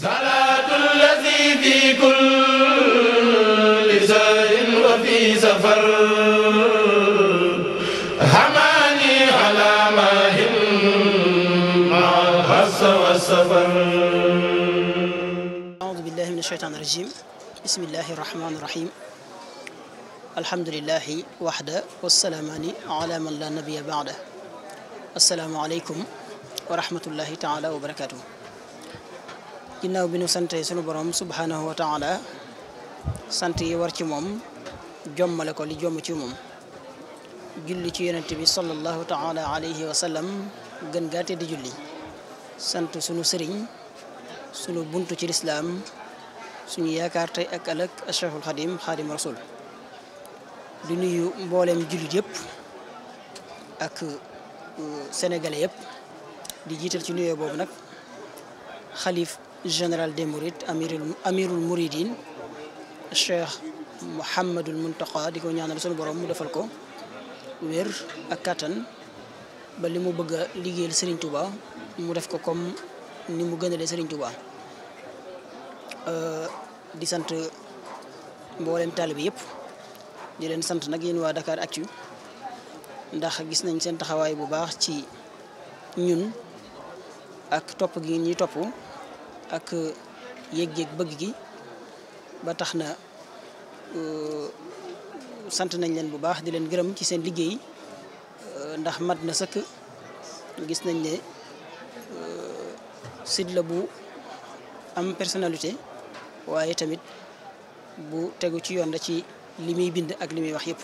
صلاة الذي في كل سهر وفي سفر حماني على ماهن مع الحس والسفر أعوذ بالله من الشيطان الرجيم بسم الله الرحمن الرحيم الحمد لله وحده والسلام على من لا نبي بعده السلام عليكم ورحمة الله تعالى وبركاته ginaaw bi ñu sante sunu borom subhanahu wa taala santé yi war ci mom jommale ko li jom ci mom julli ci yonent bi sallallahu taala alayhi wa sallam gën gaate di julli sant sunu sëriñ sunu buntu ci l'islam suñu yaakar tay ak alak Cheikhul khadim khadim Rasul di nuyu mbolem jullit yëpp ak sénégalais yëpp di jiital ci nuyu bobu nak khalif général des Mourides amirul amirul Mouridine Cheikh Mouhamadul Mountakha di ko ñaanal sunu borom mu defal ko wér ak kattan ba li mu bëgg a liggéeyal Serigne Touba mu def ko comme ni mu gënalee Serigne Touba di sant mboolem taalibe yëpp di leen sant nag yéen waa Dakaractu ndax gis nañ seen taxawaay bu baax ci ñun ak topp gi ñuy topp. ak yéeg-yéeg bëgg gi ba tax na euh, sant nañ leen bu baax di leen gërëm ci seen liggéey euh, ndax mat na sëkk gis nañ ne euh, site la bu am personnalité waaye tamit bu tegu ci yoon la ci li muy bind ak li muy wax yëpp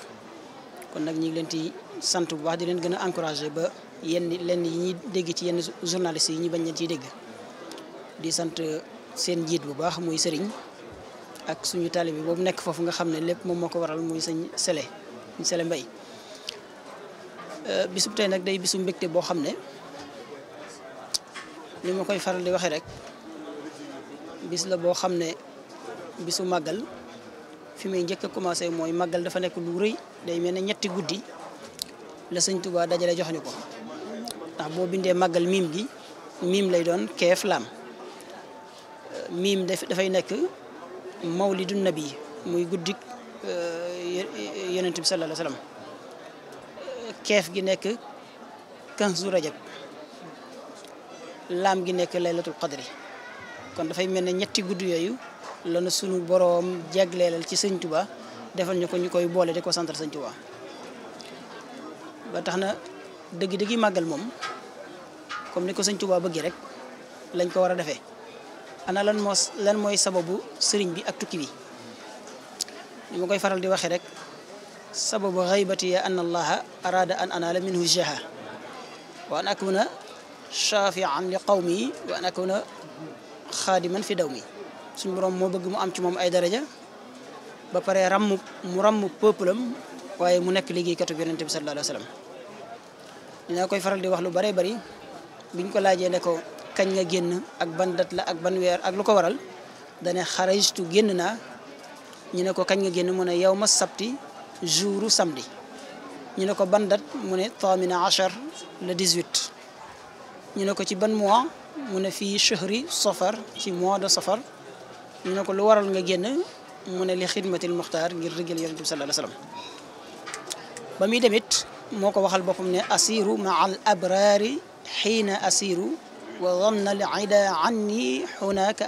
kon nag ñu ngi leen di sant bu baax di leen gën a encouragé ba yenn lenn yi ñuy dégg ci yenn journalistes yi ñu bañ leen ciy dégg di sant seen njiit bu baax muy sëriñ ak suñu taalibe boobu nekk foofu nga xam ne lépp moom moo ko waral muy sëñ Sele sëñ Sele Mbay euh, bisub tey nag day bisu mbégte boo xam ne ni ma koy faral di waxee rek bis la boo xam ne bisu màggal fi muy njëkk a commencé mooy màggal dafa nekk lu rëy day mel ne ñetti guddi la sëñ Tuubaa dajale jox ñu ko ndax boo bindee màggal miim gi miim lay doon keef laam miim dafay nekk mawlidu nabi muy guddik euh, yonent bi sallallahu alayhi wasallam keef gi nekk kanzu rajab laam gi nekk laylatul qadri kon dafay mel ne ñetti gudd yooyu lana sunu boroom jagleelal ci sëñ Tuba defal ñu ko ñu koy boole di ko santal sëñ Tuba ba tax na dëgg-dëgg màggal moom comme ni ko sëñ Tuba bëggee rek lañ ko war a defee ana lan mo lan moy sababu serigne bi ak tukki bi ni ma koy faral di waxe rek sababu ghaibati ya anna allah arada an anaala minhu jaha wa an akuna shafian li qawmi wa an akuna khadiman fi dawmi sun borom mo beug mu am ci mom ay daraja ba pare ram mu ram peuple am waye mu nek ligi liggéeykatu yaronte bi sallallahu alayhi wasallam sallam koy faral di wax lu bare bare biñ ko laajee ne ko kañ nga génn ak ban dat la ak ban weer ak lu ko waral dane xarajtu génn naa ñu ne ko kañ nga génn mu ne yow ma sabti jouru samedi ñu ne ko ban dat mu ne tamina achar le 18 ñu ne ko ci ban mois mu ne fii chahri safar ci mois de safar ñu ne ko lu waral nga génn mu ne li xidmatil muxtaar ngir rëgal yonent bi sallallahu alayhi wasallam ba muy demit moo ko waxal boppam ne asiru ma al abraari xiina asiru wa ramna al ida anni hunaka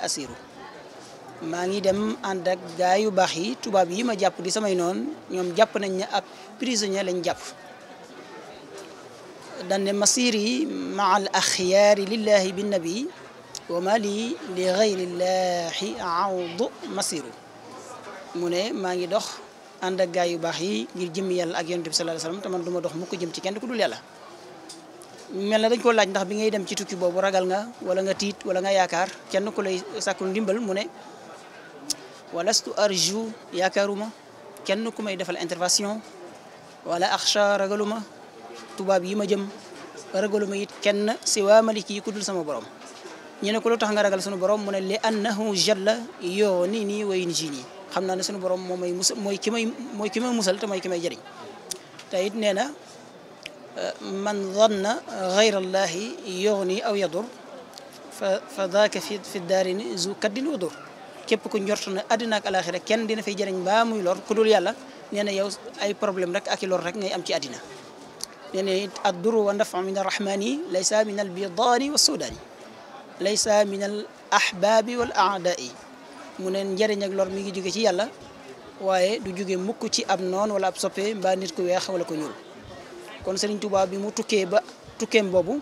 maa ngi dem ànd ak gaa yu baax yi tubaab yi ma jàpp di samay noonu ñoom jàpp nañ ne ab prisonnier lañ jàpp dande masiri maa al axyaari lillahi binnabi wa ma li li gayrillahi awdu masiru mu ne maa ngi dox ànd ak gaa yu baax yi ngir jëm yàlla ak yonent bi sallallahu alayhi wasallam te man du dox mukk jëm ci kenn ku dul yàlla mel na dañ ko laaj ndax bi ngay dem ci tukki boobu ragal nga wala nga tiit wala nga yaakaar kenn ku lay sàkkul ndimbal mu ne walastu arju yaakaaruma kenn ku may defal intervention wala axsha ragaluma tubaab yi ma jëm ragaluma it kenn si waa maliki yi ku dul sama borom ñu ne lu tax nga ragal sunu borom mu ne li annahu jalla yoo nii nii way ni jii nii xam naa ne sunu borom moom mooy musal mooy ki may mooy ki may musal te mooy ki may jëriñ te it nee من ظن غير الله يغني او يضر فذاك في في الدار ذو كد ودور كيب كون جورتنا ادنا الاخره كين دينا في جيرن با موي لور كودول يالا نينا ياو اي بروبليم رك اكي رك غي ام تي ادنا نينا يعني الدر ونفع من الرحمن ليس من البيضاني والسودان ليس من الاحباب والاعداء منين جيرن اك لور ميغي جوغي سي يالا واي دو جوغي موكو سي اب ولا اب سوبي با ولا كو kon Serigne Touba bi mu tukkee ba tukem bobu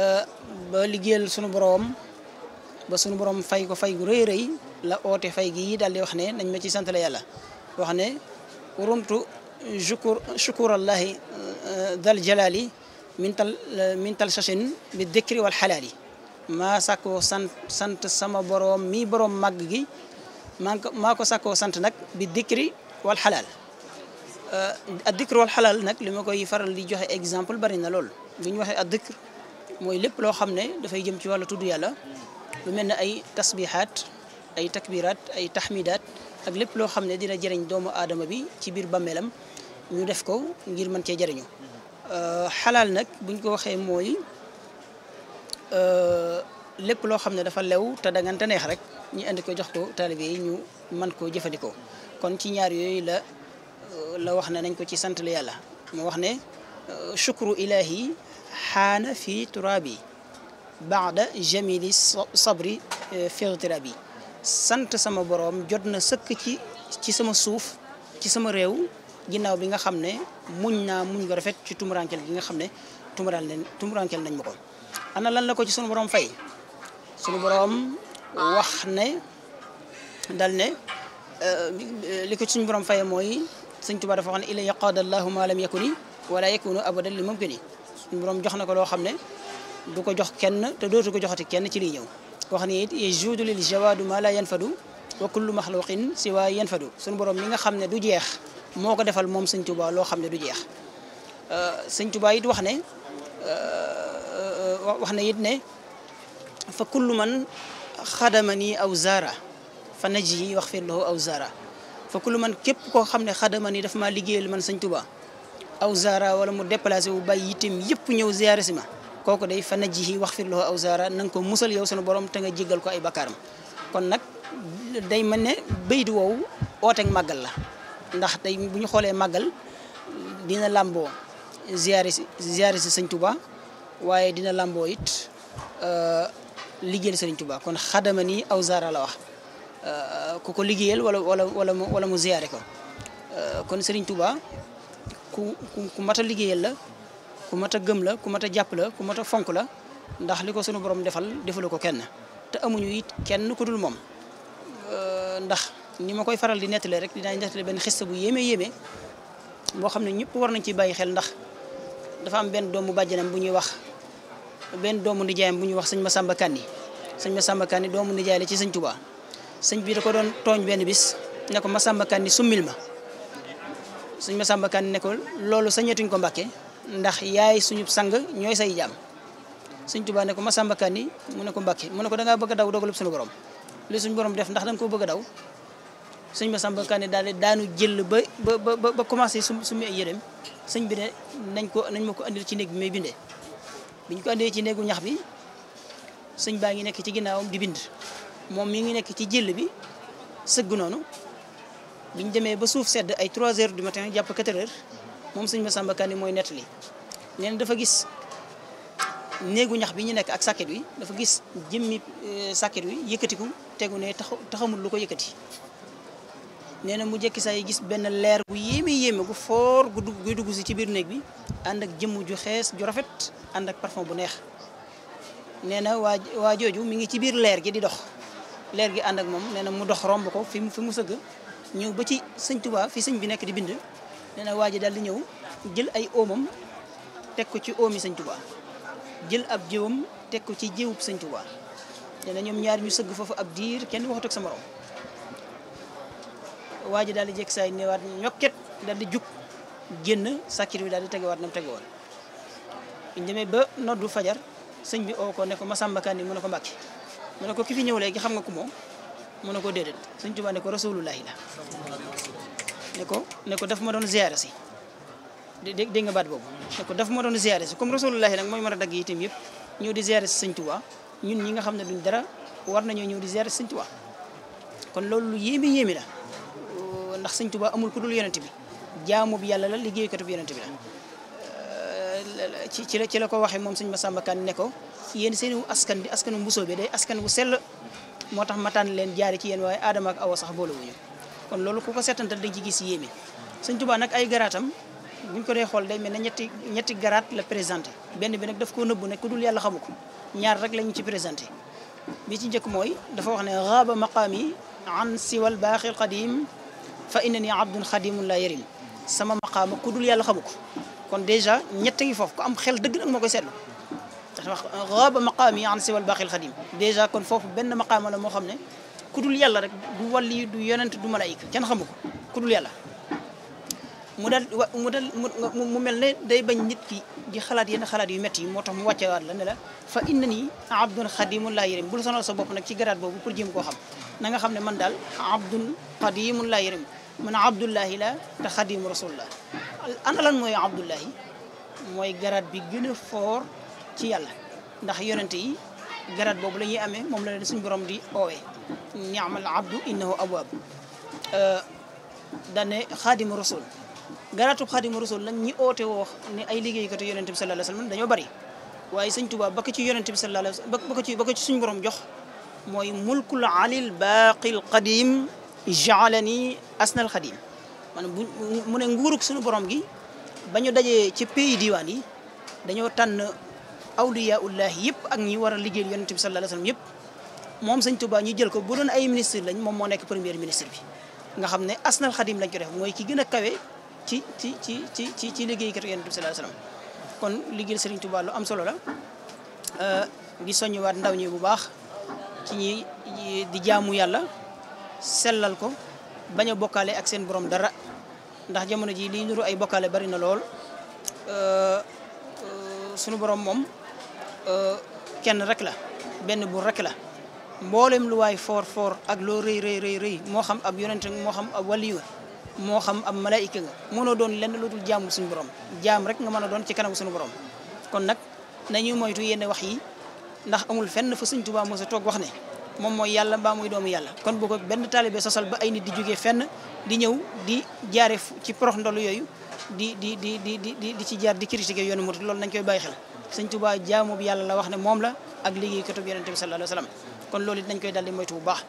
euh ba ligéel sunu borom ba sunu borom fay ko fay gu reey reey la oté fay gi dal di wax ne nañ ma ci sant la yàlla wax ne urumtu shukur shukur allah dal jalali min tal min tal shashin bi dhikri wal halali ma sako sant sant sama borom mi borom mag gi maa ko maa sant nak bi dhikri wal halal الذكر والحلال نك لما كوي فرن لي جوه اكزامبل بارينا لول بين واحد الذكر موي لب لو خمنة دفع يجيم تي ولا تودي يلا لما أي تسبيحات أي تكبيرات أي تحميدات أغلب لو خمنة دينا جرين دوم آدم أبي تبير بملم يدفكو غير من تجرينو حلال نك بين كوي خي موي لب لو خمنة دفع لو تدعان تنهارك ni and ko jox ko talibé ñu man ko jëfëndiko kon ci ñaar yoy la la wax ne nañ ko ci sant la yàlla mu wax ne shukru ilahi xaana fi turabi baada jamili sabri fi turabi sant sama borom jot na sëkk ci ci sama suuf ci sama réew ginnaaw bi nga xam ne muñ naa muñ ko rafet ci tumurankel gi nga xam ne tumural leen tumurankel nañ ma ko ana lan la ko ci sunu borom fay sunu borom wax ne dal ne li ko ci suñu borom fay mooy سنتو بارا فخان الا يقاد الله ما لم يكن ولا يكون ابدا للممكن بروم جخنا كو لو خامني دوكو جخ كين تا دوتو كو جخاتي كين تي لي نيو وخني اي جود للجواد ما لا ينفد وكل مخلوق سوى ينفد سن بروم ليغا خامني دو جيخ موكو ديفال موم سن توبا لو خامني دو جيخ ا سن توبا يت وخني ا وخني يت ني فكل من خدمني او زاره فنجي واغفر له او زاره fa ku lu man képp koo xam ne xadama ni dafa maa liggéeyal man sëñ Tuubaa aw zara wala mu déplacé wu bàyyi itam yëpp ñëw ziyaare si ma kooku day fa najjihi wax firloo aw zara na ko musal yow sunu borom te nga jéggal ko ay bakkaaram kon nag day mel ne baydi woowu ooteeg màggal la ndax tey bu ñu xoolee màggal dina làmboo ziyaare si ziyaare si sëñ Tuubaa waaye dina lamboo it euh, liggéeyal sëriñ Tuubaa kon xadama ni aw saara la wax Euh, ku ko liggéeyal wala wala wala mu wala mu ziyaare ko euh, kon Serigne Touba ku ku mat a liggéeyal la ku mat a gëm la ku mat a jàpp la ku mat a fonk la ndax li ko sunu borom defal defalu ko kenn te amuñu it kenn ku dul moom euh, ndax ni ma koy faral di nettalee rek dinaa nettalee benn xista bu yéeme yéeme boo xam ne ñëpp war nañ ci bàyyi xel ndax dafa am benn doomu bàjjanam bu ñuy wax benn doomu nijaayam bu ñuy wax ma Masamba Kanni sëñ Masamba Kanni doomu nijaay la ci sëñ Touba. sëñ bi da ko doon tooñ benn bis ne ko Masamba Kanni summil ma sëñ Masamba Kanni ko loolu sañetuñ ko Mbàkke ndax yaay suñu sang ñooy say jaam sëñ Tuubaa ne ko Masamba Kanni mu ne ko Mbàkke mu ne ko da ngaa bëgg a daw dogalub suñu borom li suñu borom def ndax da koo bëgg a daw suñ Masamba Kanni daal daanu jël ba ba ba commencé su summi ay yéreem sëñ bi ne nañ ko nañ ma ko andil ci néeg bi may bindee biñ ko andee ci néegu ñax bi sëñ baa ngi nekk ci ginnaawam di bind moom mi ngi nekk ci jëll bi sëgg noonu bi ñu demee ba suuf sedd ay trois heures du matin jàpp 4 heures moom sëñ Massamba Kanni mooy nettali nee na dafa gis néegu ñax bi ñu nekk ak sàkket wi dafa gis jëmmi eh, sàkket wi yëkkatiku tegu ne taxamul lu ko yëkkati nee na mu jëkki sax yi gis benn leer gu yéeme yéeme gu foor gu dugg guy dugg si ci biir néeg bi ànd ak jëmm ju xees ju rafet ànd ak parfum bu neex nee na waa waa jooju mu ngi ci biir leer gi di dox leer gi ànd ak moom nee na mu dox romb ko fi mu fi sëgg ñëw ba ci sëñ Tuubaa fi sëñ bi nekk di bind nee na waa ji di ñëw jël ay oomam teg ko ci oomi sëñ Tuubaa jël ab jiwam teg ko ci jiwub sëñ Tuubaa nee na ñoom ñaar ñu sëgg foofu ab diir kenn waxatu ak sa morom waaj ji daal di jekk saay newaat ñokket daal di jug génn sàkkir wi daal di tegewaat na mu tegewoon ñu demee ba noddu fajar sëñ bi oo ko ne ko Masamba Kanni mu ne ko Mbàkke mu ne ko ki fi ñëw léegi xam nga ku moom mu ne ko déedéet Sëñ Tuubaa ne ko rasulullahi la ne ko ne ko daf ma doon ziyaare si dégg nga baat boobu ne ko daf ma doon ziyaare si comme rasulullahi nag mooy mën a dagg itam yëpp ñëw di ziyaare si Sëñ Tuubaa ñun ñi nga xam ne duñ dara war nañoo ñëw di ziyaare si Sëñ Tuubaa kon loolu lu yéeme yéeme la ndax Sëñ Tuubaa amul ku dul yonent bi jaamu bi yàlla la liggéeykatu bi yonent bi la ci ci la ci la ko waxe mom seigne Massamba kan ne ko yéen seen askan bi askanu mbusoo bi day askan wu sel motax matan len jaar ci yéen way adam ak awa sax wuñu kon lolu kuko ko dañ ci gis yéeme seigne touba nak ay garatam buñ ko day xol day mel ñetti ñetti garat la presenter benn bi nak daf ko nëbbu ne ku dul yàlla xamuko ñaar rek lañ ci presenter bi ci jëk moy dafa wax ne ghaba maqami an siwal al qadim fa innani abdun xadimun la yarim sama maqama kudul yàlla xamuko كون ديجا نيتي فوف كو ام خيل دغ نك ماكو سيتلو تخ واخ غاب مقامي عن سوى الباقي القديم ديجا كون فوف بن مقام لا مو خامني كودول يالا رك دو ولي دو يوننت دو ملائكه كان خمكو كودول يالا مودال مودال مو ملني داي باج نيت كي دي خلات ين خلات يو متي موتاخ مو واتي وات لا نلا فا انني عبد خديم لا يرم بول سونال سو بوب نك سي غرات بوب بور جيم كو خام نغا خامني من دال عبد قديم لا يرم من عبد الله لا تخديم رسول الله انا لان موي عبد الله موي غرات بي غينا فور تي يالا نдах يونتي غرات بوب لا ني امي موم لا سن بروم دي اووي نعم العبد انه ابواب ا داني خادم الرسول غراتو خادم الرسول لا ني اوتي و ني اي ليغي كات يونتي صلى الله عليه وسلم دانيو بري واي سن توبا باك تي يونتي صلى الله عليه وسلم باك تي باك سن بروم موي ملك العلي الباقي القديم جعلني اسن الخديم maanaam bu mu ne nguurug suñu borom gi ba ñu dajee ci pays diwaan yi dañoo tànn awliyaullahi yëpp ak ñi war a liggéeyal yonent bi sallallahu alayhi wasallam yëpp moom sëñ Touba ñu jël ko bu doon ay ministre lañ moom moo nekk premier ministre bi nga xam ne asnal xadim lañ ko def mooy ki gën a kawe ci ci ci ci ci ci liggéeykat yonent bi sallallahu alayhi wasallam kon liggéeyal sëriñ Touba lu am solo la di soññiwaat ndaw ñi bu baax ci ñi di jaamu yàlla selal ko bañ a bokkaale ak seen borom dara ndax jamono ji lii nuru ay bokkale bari na lool euh, euh, sunu borom moom euh, kenn rek la benn buur rek la mboolem luwaay waay foor foor ak loo rëy rëy moo xam ab yonent moo xam ab waliyu moo xam ab malaayika nga mënoo doon lenn lu dul jaamul suñu borom jaam rek nga mën a doon ci kanamu suñu borom kon nag nañu moytu yenn wax yi ndax amul fenn fa Sëñ Tuubaa mos a toog wax ne mom moy yalla ba muy doomu yalla kon bu ko benn talibé sosal ba ay nit di jógee fenn di ñew di jaaré ci porox ndolu yoyu di di di di di di ci jaar di critiquer yoonu mutu loolu nañ koy bàyyi xel seigne touba jaamu bi yalla la wax né mom la ak liggéey katub yonente bi sallallahu alayhi wasallam kon loolu nañ koy daldi moytu bu baax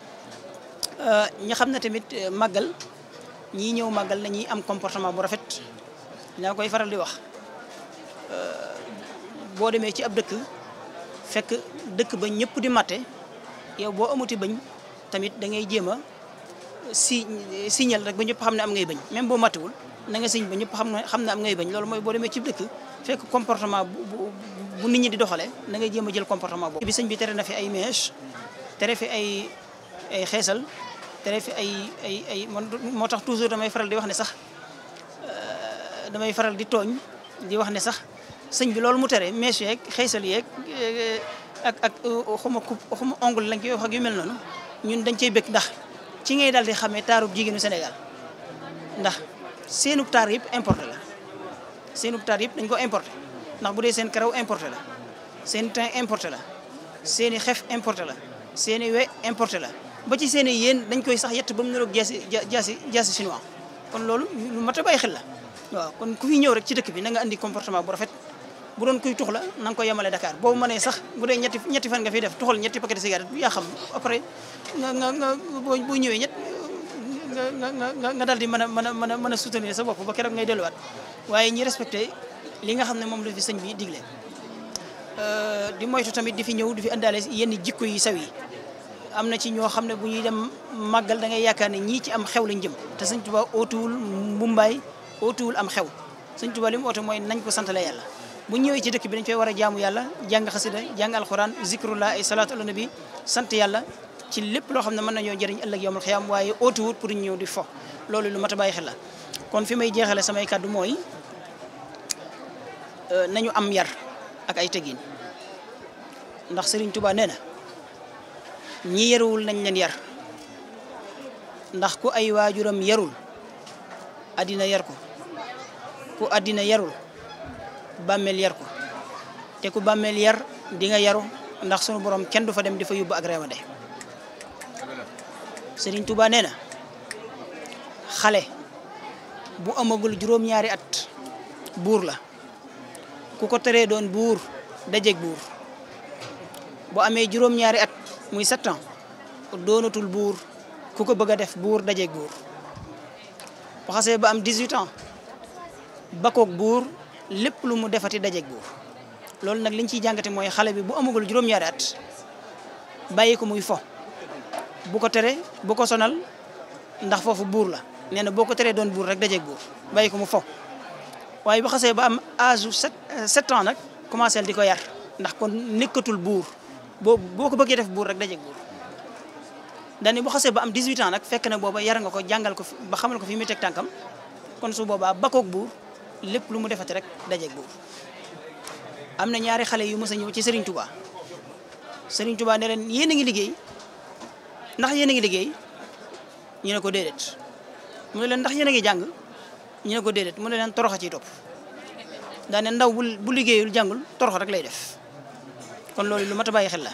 ñi xamna ne tamit magal ñii ñëw màggal nañuy am comportement bu rafet naa koy faral di wax bo démé ci ab dëkk fekk dëkk ba ñëpp di maté yow boo amuti bañ tamit da ngay jéem a si signal rek ba ñëpp xam ne am ngay bañ même boo matiwul na nga siñ ba ñëpp xam ne xam ne am ngay bañ loolu mooy boo demee ci dëkk fekk comportement bu bu nit ñi di doxalee na ngay jéem a jël comportement boobu. bi sëñ bi tere na fi ay mèche tere fi ay ay xeesal tere fi ay ay ay man moo tax toujours damay faral di wax ne sax euh, damay faral di tooñ di wax ne sax sëñ bi loolu mu tere mèche yeeg xëysal yeeg. Euh, ak ak uh, xuma coupe xuma ongle lañ koy wax yu mel noonu ñun dañ cey bëgg ndax ci ngay daal di xamee taarub jigéenu Sénégal ndax seenu taar yëpp importe la seenub taar yëpp dañ ko importé ndax bu dee seen karaw importé la seen teint importé la seen i xef importe la seen i we importé la ba ci seen i yéen dañ koy sax yett ba mu niroog jaasi jaasi jaasi chinois kon loolu lu mat a xel la waaw kon ku fi ñëw rek ci dëkk bi na nga andi comportement bu rafet bu doon kuy tux la nanga nga ko yemale Dakar boobu mënee sax bu dee ñetti ñetti fan nga fiy def tuxal ñetti paquet cigarette yaa xam après nga nga nga boo ñëwee ñett nga nga nga daal di mën a mën a mën a mën a soutenir sa bopp ba keroog ngay delluwaat waaye ñi respecté li nga xam ne moom la fi sañ bi digle euh, di moytu tamit di fi ñëw di fi indaale yenn jikko yi saw yi am na ci ñoo xam ne bu ñuy dem màggal da ngay yaakaar ne ñii ci am xew lañ jëm te sëñ Tuubaa ootuwul mbumbaay ootuwul am xew sëñ Tuubaa li mu mooy nañ ko santale yàlla bu ñëwee ci dëkk bi dañ fay war a jaamu yàlla jàng xasida jàng alxuraan zikrullah ay salaatu ala bi sant yàlla ci lépp loo xam ne mën nañoo jëriñ ëllëg yowmal xiyaam waaye ootu wut pour ñëw di fo loolu lu mat a bàyyi la kon fi may jeexale samay kàddu mooy euh, nañu am yar ak ay tegin ndax Serigne Touba nee na ñi yaruwul nañ leen yar ndax ku ay waajuram yarul addina yar ko ku addina yarul bàmmeel yar ko te ku bàmmeel yar di nga yaru ndax sunu borom kenn du fa dem di fa yóbbu ak réewande Serigne Touba nee na xale bu amagul juróom-ñaari at buur la ku ko teree doon buur dajeeg buur bu amee juróom-ñaari at muy sept ans doonatul buur ku ko bëgg a def buur dajeeg buur bu xasee ba am 18 ans bakoog buur lépp lu mu defati dajeeg buur loolu nag liñ ciy jàngate mooy xale bi bu amagul juróom-ñaari at bàyyi ko muy fo bu ko tere bu ko sonal ndax foofu buur la nee na boo ko teree doon buur rek dajeeg buur bàyyi ko mu fo waaye bu xasee ba am âge u sept euh, sept ans nag commencé di ko yar ndax kon nekkatul buur boo boo ko bëggee def buur rek dajeeg buur dañu bu xasee ba am 18 ans nag fekk na booba yar nga ko jàngal ko ba xamal ko fi muy teg tànkam kon su boobaa bakkoog buur lépp lu mu defate rek dajeeg boobu am na ñaari xale yu mës a ñëw ci Serigne Touba Serigne Touba ne leen yéen a ngi liggéey ndax yéen a ngi liggéey ñu ne ko déedéet mu ne leen ndax yéen a ngi jàng ñu ko déedéet mu ne leen toroxa ciy topp daa ne ndaw bu bu liggéeyul jàngul toroxa rek lay def kon loolu lu mat a bàyyi xel la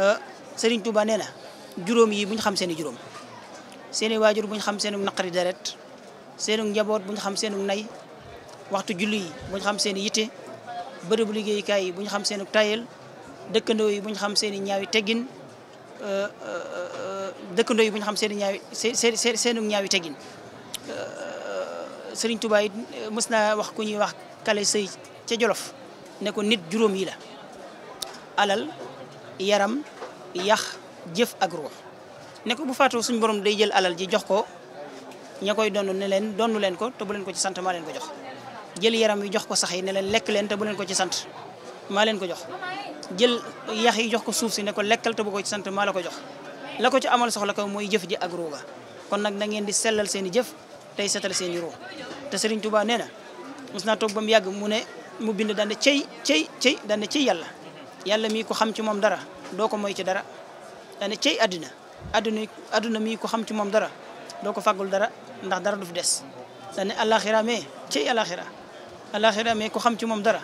euh, Serigne Touba nee na juróom yi bu ñu xam seen i juróom seen waajur bu ñu xam seen i naqari deret seen njaboot bu ñu xam seenu i nay. waxtu julli yi bu xam seen i yitte bërëbu liggéeyukaay yi bu ñu xam seen i tayel yi bu ñu xam seen i ñaawi teggin euh, euh, euh, dëkkandoo yi bu xam seeni i ñaawi seen seen ñaawi teggin Serigne Touba it mës naa wax ku ñuy wax kale sëy ca Jolof ne ko nit juróom yi la alal yaram yax jëf ak ruux ne ko bu faatoo suñu borom da jël alal ji jox ko ña koy donn ne leen donnu leen ko te bu leen ko ci sant maa leen ko jox jël yaram yi jox ko sax yi ne leen lekk leen te bu leen ko ci sant maa leen ko jox jël yax yi jox ko suuf si ne ko lekkal te bu ko ci sant maa la ko jox la ko ci amal soxla ko mooy jëf ji ak ga kon nag na ngeen di sellal seen i jëf tey setal seen i ruu te Serigne Touba nee na mus naa toog ba mu yàgg mu ne mu bind daan ne cey cëy cey daan ne yàlla yàlla mii ko xam ci moom dara doo ko moy ci dara daan ne àddina àdduna àdduna mii xam ci moom dara doo ko fàggul dara ndax dara du fi des daan ne alaxira mais cey alakhira mais ko xam ci mom dara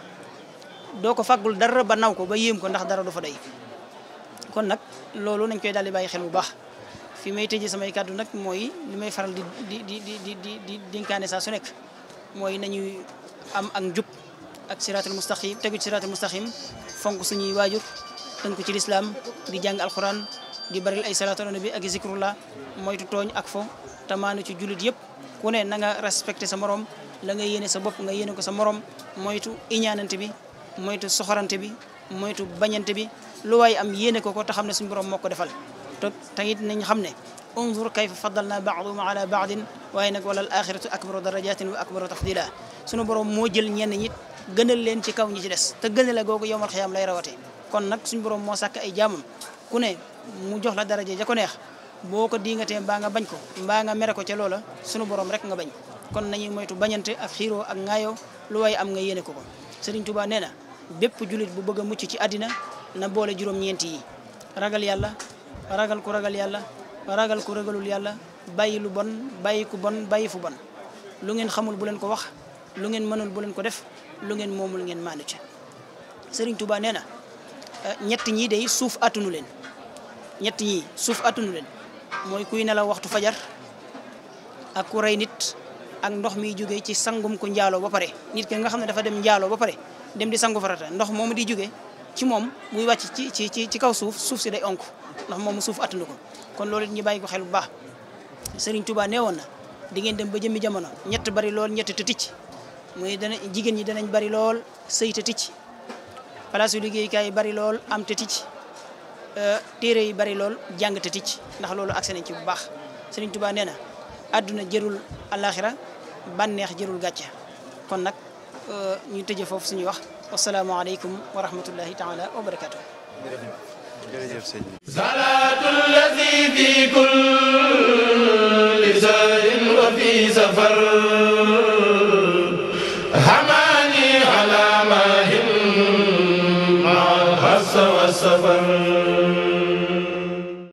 doko fagul dara ba naw ko ba yem ko ndax dara du fa day kon nak lolu nañ koy daal di xel bu baax fi may teji samay kaddu nak moy limay faral di di di di di di di dénkaane saa su nek moy nañuy am ak njub ak siratul mustaqim tegu ci siratul mustaqim fonk suñuy waajur tënku ci l'islam di jang alquran di baril ay salatu nabi ak zikrullah tu togn ak fo tamaanu ci julit yep ku ne na nga respecter sa morom la nga yene sa bop nga yene ko sa morom moytu iñananté bi moytu soxorante bi moytu bañante bi lu way am yene ko ko te xam ne suñu borom moko defal te tayit nañ xamné انظر unzur فضلنا بعضهم على بعض baadin waaye الآخرة أكبر درجات وأكبر تفضيلا darajatin wa akbaru tafdila suñu borom moo jël ñenn ñit gënal leen ci kaw ñi ci des te gënale googu yowmal xiyaam lay rawatee مو nag suñu borom moo sàkk ay jaamam ku ne mu jox la daraje ja ko neex boo ko kon nañu moytu bañante ak xiiroo ak ŋaayoo lu waaye am nga yéene ko ko Serigne Touba nee na bépp julit bu bëgg a mucc ci àddina na boole juróom-ñeent yi ragal yàlla ragal ku ragal yàlla ragal ku ragalul yàlla bàyyi lu bon bàyyi ku bon bàyyi fu bon lu ngeen xamul bu leen ko wax lu ngeen mënul bu leen ko def lu ngeen moomul ngeen maandu ci Serigne Touba nee na eh, ñett ñii day suuf attunu leen ñett ñii suuf attunu leen mooy kuy nelaw waxtu fajar ak ku rey nit ak ndox mi jógee ci sangum ku njaaloo ba pare nit ki nga xam ne dafa dem njaaloo ba pare dem di sangu farata ndox moomu di jógee ci moom muy wacc ci ci ci ci kaw suuf suuf si day onk ndax moomu suuf attandu ko kon loolu it ñu ko xel bu baax Serigne Touba nee woon na di ngeen dem ba jëmmi jamono ñett bari lool ñett te ticc muy dana jigéen ñi danañ bari lool sëy te ticc place yu liggéeykaay yi bari lool am te ticc téere yi bari lool jàng te ndax loolu accès nañ ci bu baax Serigne Touba nee na aduna jërul alakhirah banex jërul gatcha kon nak ñu tejje fofu suñu wax assalamu alaykum wa rahmatullahi taala wa barakatuh jërëjëf sëñ bi salaatul lazi fi kulli zarin wa fi safar hamani ala mahim